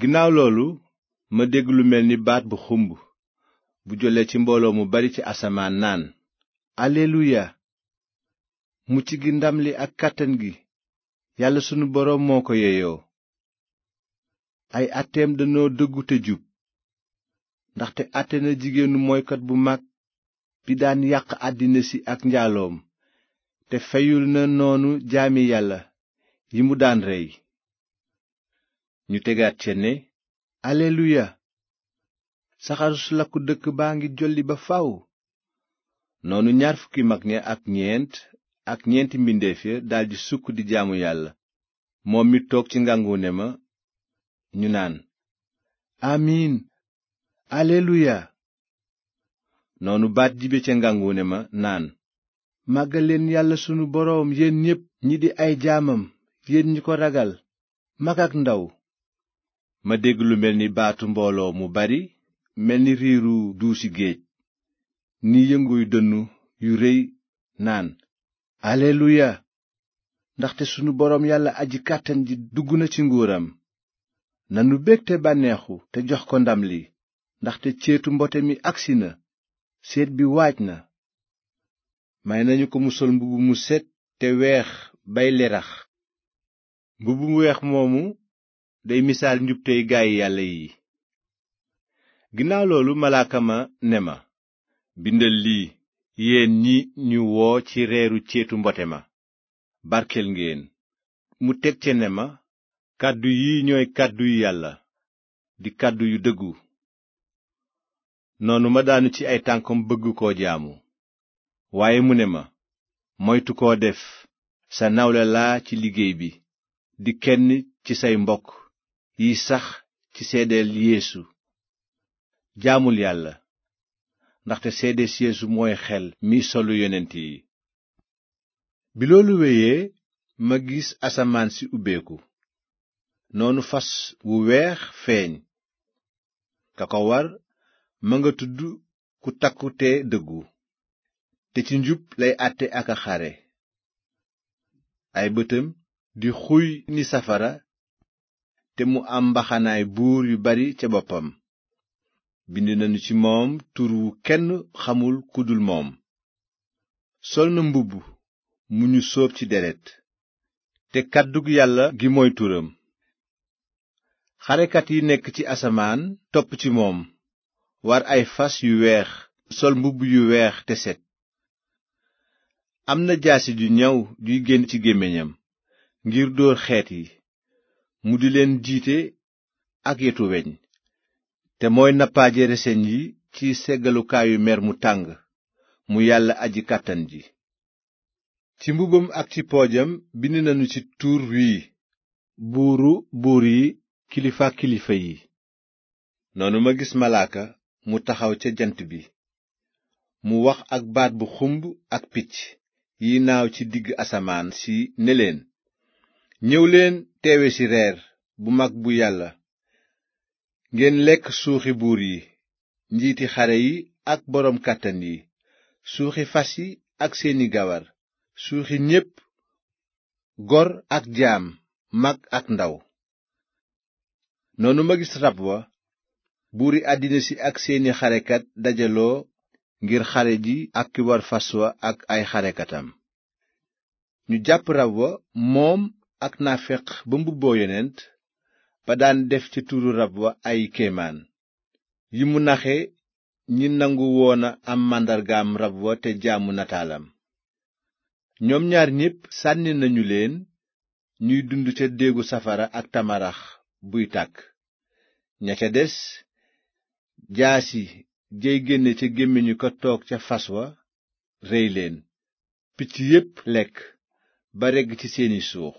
ginnaaw loolu ma dégg lu mel ni baat bu xumb bu jollee ci mbooloo mu bari ci asamaan naan alleluya mucc gi ndam li ak kàttan gi yàlla sunu boroom moo ko yeyoo ay àtteem danoo dëggu te jub ndaxte àtte na jigéenu moykat bu mag bi daan yàq àddina si ak njaaloom te feyul na noonu jaami yàlla yi mu daan rey ñu tegaat ca ne alleluya saxarus lakku dëkk baa ngi jolli ba faw noonu ñaar fukki mag ña ak ñeent ak ñeenti mbindeef ya daldi sukk di jaamu yàlla moom mi toog ci ngànguune ma ñu naan amiin alleluya noonu baat jibe ca ngànguune ma naan màggaleen yàlla sunu boroom yéen ñépp ñi di ay jaamam yéen ñi ko ragal mag ak ndaw ma dégg lu mel ni baatu mbooloo mu bari mel ni riiru duusi géej ni yënguy dënn yu rëy naan aleluya ndaxte sunu boroom yàlla aji kàttan ji dugg na ci nguuram nanu bég te bànneexu te jox ko ndam li ndaxte ceetu mbote mi agsi na seet bi waaj na may nañu ko mu sol mbubb mu set te weex bay lerax weex moomu day misaal njubtey gaay yàlla yi ginnaaw loolu malaaka ma ne ma bindal lii yéen ñi ñu woo ci reeru ceetu mbote ma barkeel ngeen mu teg ce ne ma kàddu yi ñooy kàddu yu yàlla di kàddu yu dëggu noonu ma daanu ci ay tànkam bëgg koo jaamu waaye mu ne ma moytu koo def sa nawle laa ci liggéey bi di kenn ci say mbokk sax ci seedeel jaamul yàlla ndaxte seedees yeesu mooy xel mi solu yonent yi bi loolu wéyee ma gis asamaan si ubbeeku noonu fas wu weex feeñ ka ko war ma nga tudd ku takku te dëggu te ci njub lay àtte ak a xare ay bëtam di xuy ni safara te mu am mbaxanaay buur yu bari ca boppam bind nañu ci moom tur wu kenn xamul ku dul moom sol na mbubb mu ñu sóob ci deret te kàddug yàlla gi mooy turam xarekat yi nekk ci asamaan topp ci moom war ay fas yu weex sol mbubb yu weex te set am na jaasi ju ñaw juy génn ci gémmiñam ngir dóor xeet yi mu di leen jiite ak yetu weñ te mooy nappaaje reseñ yi ci seggalukaayu mer mu tàng mu yàlla aji kàttan ji ci mbubam ak ci poojam bind nañu ci tur wii buuru buur yi kilifa kilifa yi noonu ma gis malaaka mu taxaw ca jant bi mu wax ak baat bu xumb ak picc yi naaw ci digg asamaan si ne leen ñëw leen teewe ci reer bu mag bu yàlla ngeen lekk suuxi buur yi njiiti xare yi ak boroom kàttan yi suuxi fas yi ak seeni gawar suuxi ñépp gor ak jaam mag ak ndaw noonu ma gis rab wa buuri àddina si ak seeni xarekat dajaloo ngir xare ji ak ki fas wa ak ay xarekatam ñu jàpp rab wa moom ak naaféq ba mbubboo yonent ba daan def ci turu rab wa ay kéemaan yi mu naxe ñi nangu woon a am màndargaam rab wa te jaamu nataalam ñoom ñaar ñépp sànni nañu leen ñuy dund ca déegu safara ak tamarax buy tàkk ña ca des jaasi jey génne ca gémmiñu ko toog ca fas wa rey leen picc yépp lekk ba regg ci seeni suux